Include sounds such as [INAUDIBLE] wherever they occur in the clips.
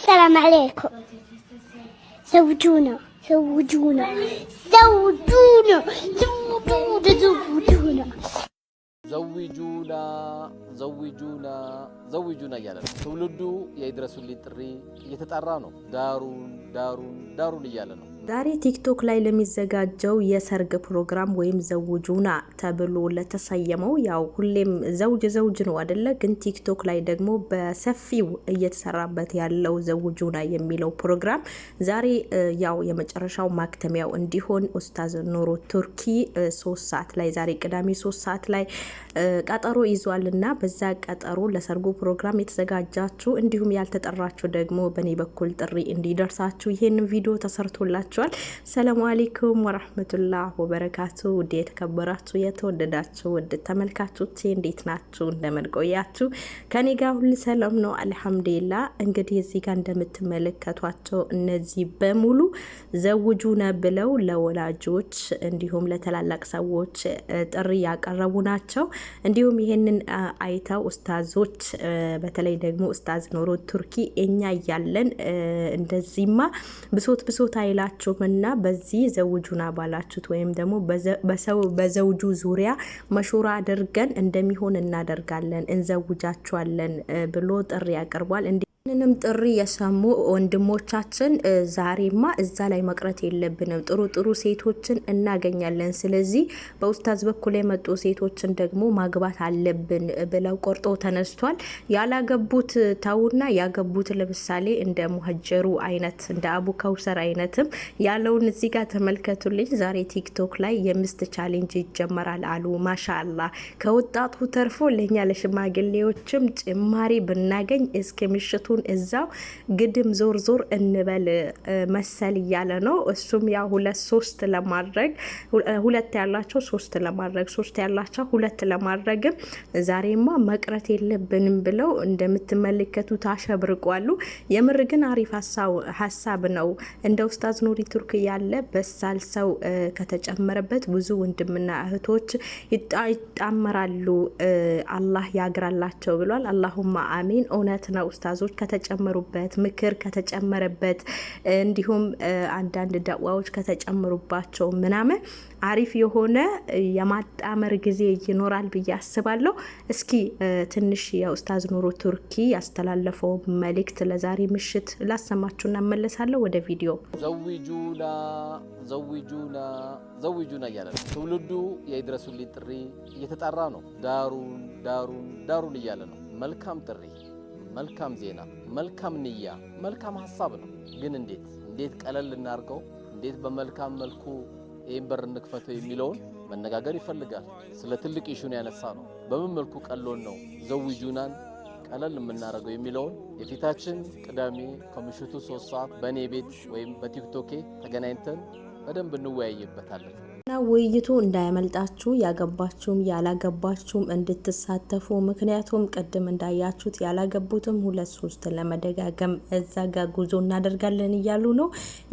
السلام عليكم زوجونا زوجونا زوجونا زوجونا زوجونا زوجونا زوجونا زوجونا لنا ነው يا የይድረሱልኝ ጥሪ تري يتتعرانو دارون دارون دارون يا لنا ዛሬ ቲክቶክ ላይ ለሚዘጋጀው የሰርግ ፕሮግራም ወይም ዘውጁና ተብሎ ለተሰየመው ያው ሁሌም ዘውጅ ዘውጅ ነው አደለ? ግን ቲክቶክ ላይ ደግሞ በሰፊው እየተሰራበት ያለው ዘውጁና የሚለው ፕሮግራም ዛሬ ያው የመጨረሻው ማክተሚያው እንዲሆን ኡስታዝ ኑሩ ቱርኪ ሶስት ሰዓት ላይ ዛሬ ቅዳሜ ሶስት ሰዓት ላይ ቀጠሮ ይዟል በዛ ቀጠሮ ለሰርጉ ፕሮግራም የተዘጋጃችሁ እንዲሁም ያልተጠራችሁ ደግሞ በእኔ በኩል ጥሪ እንዲደርሳችሁ ይህን ቪዲዮ ተሰርቶላችሁ ይላችኋል። ሰላሙ አሌይኩም ወራህመቱላህ ወበረካቱ። ውድ የተከበራችሁ የተወደዳችሁ ውድ ተመልካቾቼ እንዴት ናችሁ? እንደመልቆያችሁ ከኔ ጋር ሁሉ ሰላም ነው አልሐምዱሊላ። እንግዲህ እዚህ ጋር እንደምትመለከቷቸው እነዚህ በሙሉ ዘውጁነ ብለው ለወላጆች እንዲሁም ለተላላቅ ሰዎች ጥሪ ያቀረቡ ናቸው። እንዲሁም ይህንን አይተው ኡስታዞች በተለይ ደግሞ ኡስታዝ ኖሮ ቱርኪ እኛ እያለን እንደዚህማ ብሶት ብሶት አይላቸው ሁላችሁምና በዚህ ዘውጁን አባላችሁት ወይም ደግሞ በዘውጁ ዙሪያ መሾራ አድርገን እንደሚሆን እናደርጋለን እንዘውጃችኋለን ብሎ ጥሪ ያቀርቧል። ምንም ጥሪ የሰሙ ወንድሞቻችን ዛሬማ እዛ ላይ መቅረት የለብንም። ጥሩ ጥሩ ሴቶችን እናገኛለን። ስለዚህ በኡስታዝ በኩል የመጡ ሴቶችን ደግሞ ማግባት አለብን ብለው ቆርጦ ተነስቷል። ያላገቡት ተውና ያገቡት ለምሳሌ እንደ ሙሀጀሩ አይነት እንደ አቡ ከውሰር አይነትም ያለውን እዚህ ጋር ተመልከቱልኝ። ዛሬ ቲክቶክ ላይ የምስት ቻሌንጅ ይጀመራል አሉ። ማሻአላ ከወጣቱ ተርፎ ለእኛ ለሽማግሌዎችም ጭማሪ ብናገኝ እስከ ምሽቱ ሁለቱን እዛው ግድም ዞር ዞር እንበል መሰል እያለ ነው። እሱም ያ ሁለት ሶስት ለማድረግ ሁለት ያላቸው ሶስት ለማድረግ ሶስት ያላቸው ሁለት ለማድረግም ዛሬማ መቅረት የለብንም ብለው እንደምትመለከቱት አሸብርቋሉ። የምር ግን አሪፍ ሀሳብ ነው። እንደ ኡስታዝ ኑሪ ቱርክ ያለ በሳል ሰው ከተጨመረበት ብዙ ወንድምና እህቶች ይጣመራሉ። አላህ ያግራላቸው ብሏል። አላሁማ አሚን። እውነት ነው ኡስታዞች ከተጨመሩበት፣ ምክር ከተጨመረበት፣ እንዲሁም አንዳንድ ዳዋዎች ከተጨመሩባቸው ምናምን አሪፍ የሆነ የማጣመር ጊዜ ይኖራል ብዬ አስባለሁ። እስኪ ትንሽ የኡስታዝ ኑሩ ቱርኪ ያስተላለፈው መልእክት ለዛሬ ምሽት ላሰማችሁና መለሳለሁ ወደ ቪዲዮ። ዘዊጁና ዘዊጁና ዘዊጁና እያለ ነው ትውልዱ የይድረሱልኝ ጥሪ እየተጣራ ነው። ዳሩን ዳሩን ዳሩን እያለ ነው። መልካም ጥሪ መልካም ዜና፣ መልካም ንያ፣ መልካም ሀሳብ ነው። ግን እንዴት እንዴት ቀለል ልናርገው፣ እንዴት በመልካም መልኩ ይህን በር እንክፈተው የሚለውን መነጋገር ይፈልጋል። ስለ ትልቅ ኢሹን ያነሳ ነው። በምን መልኩ ቀሎን ነው ዘውጁናን ቀለል የምናደርገው የሚለውን የፊታችን ቅዳሜ ከምሽቱ ሶስት ሰዓት በእኔ ቤት ወይም በቲክቶኬ ተገናኝተን በደንብ እንወያይበታለን። እና ውይይቱ እንዳያመልጣችሁ ያገባችሁም ያላገባችሁም እንድትሳተፉ። ምክንያቱም ቅድም እንዳያችሁት ያላገቡትም ሁለት ሶስት ለመደጋገም እዛ ጋር ጉዞ እናደርጋለን እያሉ ነው።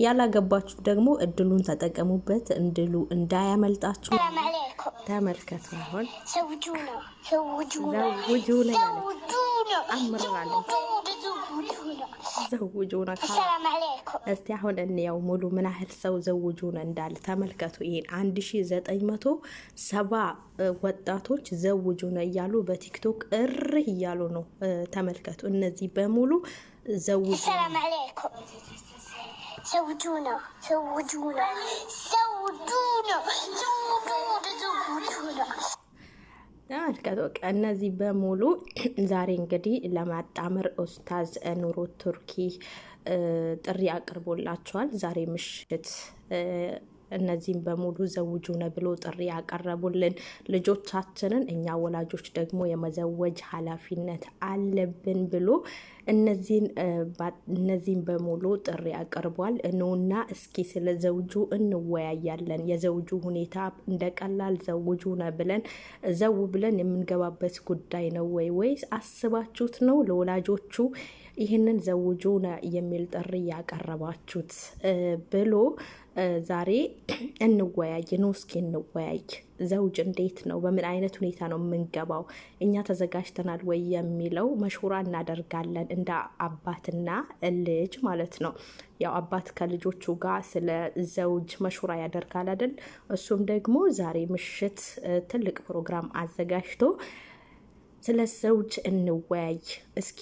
ያላገባችሁ ደግሞ እድሉን ተጠቀሙበት። እድሉ እንዳያመልጣችሁ ተመልከቱ። አሁን ዘውጁ ነው ነው ዘውጁነ እስቲ አሁን እንየው ሙሉ ምን ያህል ሰው ዘውጁነ እንዳለ ተመልከቱ። ይሄን አንድ ሺ ዘጠኝ መቶ ሰባ ወጣቶች ዘውጁነ እያሉ በቲክቶክ እር እያሉ ነው። ተመልከቱ። እነዚህ በሙሉ ዘውጁ ነው። ተመልከቱ እነዚህ በሙሉ [CLEARS THROAT] ዛሬ እንግዲህ ለማጣመር ኡስታዝ ኑሩ ቱርኪ ጥሪ አቅርቦላቸዋል። ዛሬ ምሽት እነዚህም በሙሉ ዘውጁ ነ ብሎ ጥሪ ያቀረቡልን ልጆቻችንን እኛ ወላጆች ደግሞ የመዘወጅ ኃላፊነት አለብን ብሎ እነዚህን በሙሉ ጥሪ አቅርቧል። ኑና እስኪ ስለ ዘውጁ እንወያያለን። የዘውጁ ሁኔታ እንደ ቀላል ነ ብለን ዘው ብለን የምንገባበት ጉዳይ ነው ወይ ወይስ አስባችሁት ነው ለወላጆቹ ይህንን ዘውጁነ የሚል ጥሪ ያቀረባችሁት ብሎ ዛሬ እንወያይ ነው። እስኪ እንወያይ። ዘውጅ እንዴት ነው? በምን አይነት ሁኔታ ነው የምንገባው? እኛ ተዘጋጅተናል ወይ የሚለው መሽሁራ እናደርጋለን፣ እንደ አባትና ልጅ ማለት ነው። ያው አባት ከልጆቹ ጋር ስለ ዘውጅ መሹራ ያደርጋል አይደል? እሱም ደግሞ ዛሬ ምሽት ትልቅ ፕሮግራም አዘጋጅቶ ስለ ዘውጅ እንወያይ፣ እስኪ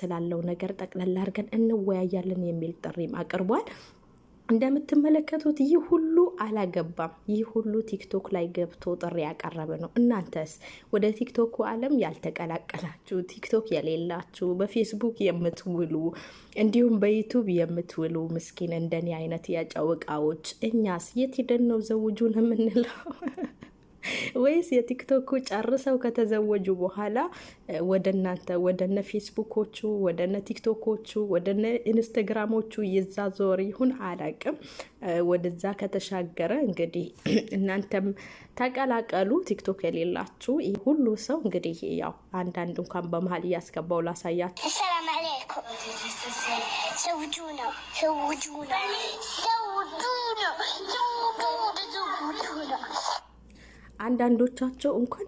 ስላለው ነገር ጠቅለል አድርገን እንወያያለን የሚል ጥሪም አቅርቧል። እንደምትመለከቱት ይህ ሁሉ አላገባም። ይህ ሁሉ ቲክቶክ ላይ ገብቶ ጥሪ ያቀረበ ነው። እናንተስ ወደ ቲክቶኩ ዓለም ያልተቀላቀላችሁ፣ ቲክቶክ የሌላችሁ፣ በፌስቡክ የምትውሉ እንዲሁም በዩቱብ የምትውሉ ምስኪን እንደኔ አይነት ያጫወቃዎች እኛስ የት ሄደን ነው ዘውጁን የምንለው? [LAUGHS] ወይስ የቲክቶኩ ጨርሰው ከተዘወጁ በኋላ ወደ እናንተ ወደነ ፌስቡኮቹ ወደነ ቲክቶኮቹ ወደነ ኢንስተግራሞቹ ዞር ይሁን አላቅም። ወደዛ ከተሻገረ እንግዲህ [CLEARS THROAT] እናንተም ተቀላቀሉ። ቲክቶክ የሌላችሁ ሁሉ ሰው እንግዲህ ያው አንዳንድ እንኳን በመሀል እያስገባው ላሳያችሁ። አሰላም አለይኩም ሰውጁ ነው ሰውጁ ነው ሰውጁ ነው ዘውጁ ነው አንዳንዶቻቸው እንኳን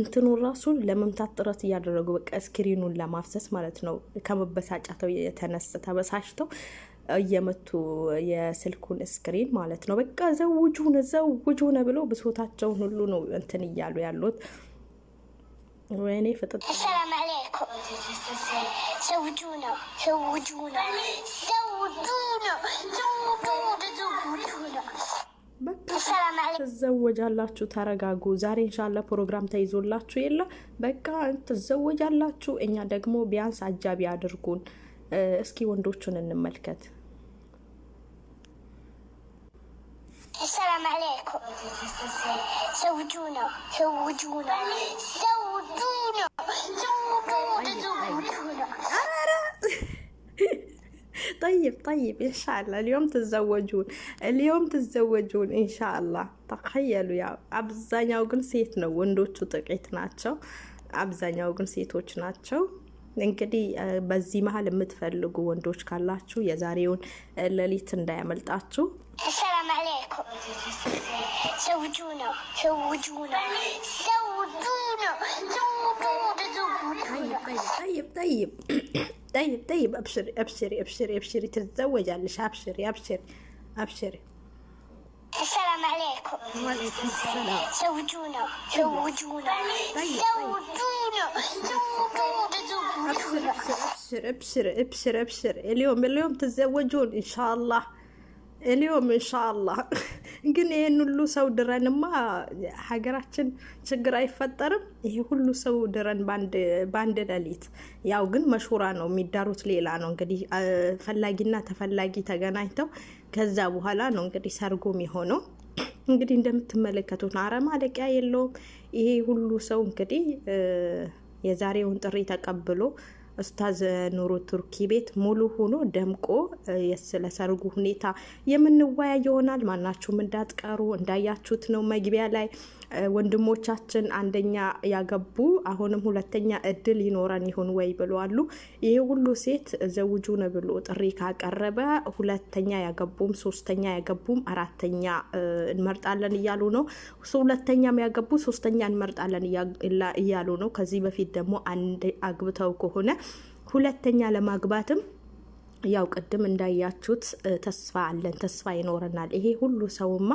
እንትኑ ራሱን ለመምታት ጥረት እያደረጉ በቃ ስክሪኑን ለማፍሰስ ማለት ነው። ከመበሳጫተው የተነሳ ተበሳሽተው እየመቱ የስልኩን ስክሪን ማለት ነው። በቃ ዘውጅ ዘውጅ ዘውጁነ ብሎ ብሶታቸውን ሁሉ ነው እንትን እያሉ ያሉት። ወይኔ ፍጥጥ። ሰላም አለይኩም። ዘውጁ ነው ዘውጁ ነው ዘውጁ ነው ዘውጁ ነው በቃ ትዘወጃላችሁ። ተረጋጉ። ዛሬ እንሻላ ፕሮግራም ተይዞላችሁ የለ በቃ ትዘወጃላችሁ። እኛ ደግሞ ቢያንስ አጃቢ አድርጉን። እስኪ ወንዶቹን እንመልከት። ሰውጁ ነው ሰውጁ ነው ሰውጁ ነው ሰውጁ طيب طيب إن شاء الله اليوم تتزوجون اليوم ትዘወጁን ኢንሻአላህ ተኸየሉ። ያው አብዛኛው ግን ሴት ነው፣ ወንዶቹ ጥቂት ናቸው። አብዛኛው ግን ሴቶች ናቸው። እንግዲህ በዚህ መሀል የምትፈልጉ ወንዶች ካላችሁ የዛሬውን ሌሊት እንዳያመልጣችሁ። ሰላም አለይኩም። ሰውጁ ነው ሰውጁ ነው ሰውጁ ነው ሰውጁ ነው። ጠይብ ጠይብ طيب طيب ابشري ابشري ابشري ابشري تتزوج علش يعني، ابشري ابشري ابشري السلام عليكم وعليكم السلام زوجونا طيب. زوجونا طيب،, طيب زوجونا زوجونا ابشر ابشر ابشر ابشر ابشر اليوم اليوم تتزوجون ان شاء الله እኔውም እንሻአላ [LAUGHS] ግን ይህን ሁሉ ሰው ድረንማ ሀገራችን ችግር አይፈጠርም። ይሄ ሁሉ ሰው ድረን በአንድ ሌሊት። ያው ግን መሹራ ነው የሚዳሩት፣ ሌላ ነው እንግዲህ ፈላጊና ተፈላጊ ተገናኝተው ከዛ በኋላ ነው እንግዲህ ሰርጉም የሆነው። እንግዲህ እንደምትመለከቱት አረ ማለቂያ የለውም። ይሄ ሁሉ ሰው እንግዲህ የዛሬውን ጥሪ ተቀብሎ ኡስታዝ ኑሩ ቱርኪ ቤት ሙሉ ሆኖ ደምቆ ስለሰርጉ ሁኔታ የምንወያ ይሆናል። ማናችሁም እንዳትቀሩ። እንዳያችሁት ነው መግቢያ ላይ ወንድሞቻችን አንደኛ ያገቡ አሁንም ሁለተኛ እድል ይኖረን ይሆን ወይ ብለዋሉ። ይሄ ሁሉ ሴት ዘውጁን ብሎ ጥሪ ካቀረበ ሁለተኛ ያገቡም ሶስተኛ ያገቡም አራተኛ እንመርጣለን እያሉ ነው። ሁለተኛም ያገቡ ሶስተኛ እንመርጣለን እያሉ ነው። ከዚህ በፊት ደግሞ አንድ አግብተው ከሆነ ሁለተኛ ለማግባትም ያው ቅድም እንዳያችሁት ተስፋ አለን፣ ተስፋ ይኖረናል። ይሄ ሁሉ ሰውማ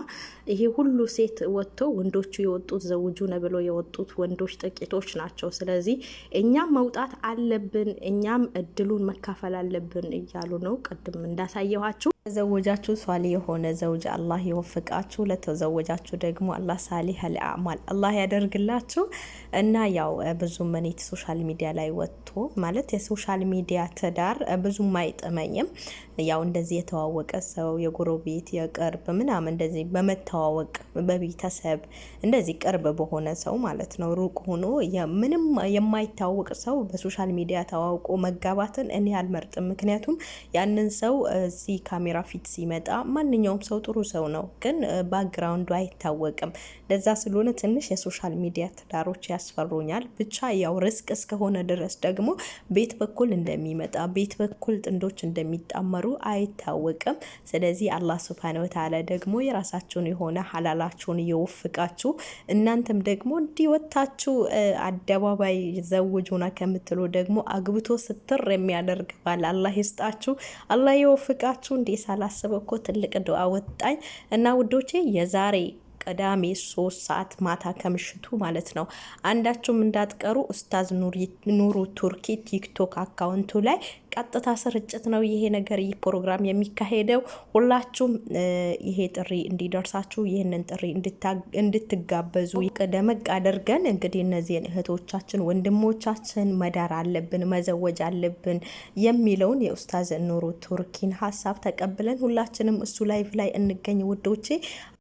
ይሄ ሁሉ ሴት ወጥቶ ወንዶቹ የወጡት ነ ብሎ የወጡት ወንዶች ጥቂቶች ናቸው። ስለዚህ እኛም መውጣት አለብን፣ እኛም እድሉን መካፈል አለብን እያሉ ነው። ቅድም እንዳሳየኋችሁ ለተዘወጃችሁ ሷሊ የሆነ ዘውጅ አላህ ይወፍቃችሁ። ለተዘወጃችሁ ደግሞ አላህ ሳሊሀል አዕማል አላህ ያደርግላችሁ እና ያው ብዙ መኔት ሶሻል ሚዲያ ላይ ወጥቶ ማለት የሶሻል ሚዲያ ትዳር ብዙም አይጥመኝም። ያው እንደዚህ የተዋወቀ ሰው የጎረቤት የቅርብ ምናምን እንደዚህ በመተዋወቅ በቤተሰብ እንደዚህ ቅርብ በሆነ ሰው ማለት ነው። ሩቅ ሆኖ ምንም የማይታወቅ ሰው በሶሻል ሚዲያ ተዋውቆ መጋባትን እኔ አልመርጥም። ምክንያቱም ያንን ሰው እዚህ ካሜራ ካሜራ ፊት ሲመጣ ማንኛውም ሰው ጥሩ ሰው ነው፣ ግን ባክግራውንዱ አይታወቅም። ለዛ ስለሆነ ትንሽ የሶሻል ሚዲያ ትዳሮች ያስፈሩኛል። ብቻ ያው ርስቅ እስከሆነ ድረስ ደግሞ ቤት በኩል እንደሚመጣ ቤት በኩል ጥንዶች እንደሚጣመሩ አይታወቅም። ስለዚህ አላህ ስብሃነ ወተዓላ ደግሞ የራሳችሁን የሆነ ሀላላችሁን እየወፍቃችሁ እናንተም ደግሞ እንዲወታችሁ አደባባይ ዘውጅ ሆና ከምትሉ ደግሞ አግብቶ ስትር የሚያደርግ ባል አላህ ይስጣችሁ፣ አላህ የወፍቃችሁ እንዴ ሳላስበው እኮ ትልቅ ዱዓ ወጣኝ እና ውዶቼ የዛሬ ቅዳሜ ሶስት ሰዓት ማታ ከምሽቱ ማለት ነው። አንዳችሁም እንዳትቀሩ ኡስታዝ ኑሩ ቱርኪ ቲክቶክ አካውንቱ ላይ ቀጥታ ስርጭት ነው ይሄ ነገር ይህ ፕሮግራም የሚካሄደው። ሁላችሁም ይሄ ጥሪ እንዲደርሳችሁ ይህንን ጥሪ እንድትጋበዙ ደመቅ አድርገን እንግዲህ እነዚህን እህቶቻችን ወንድሞቻችን መዳር አለብን መዘወጅ አለብን የሚለውን የኡስታዝ ኑሩ ቱርኪን ሀሳብ ተቀብለን ሁላችንም እሱ ላይቭ ላይ እንገኝ ውዶቼ።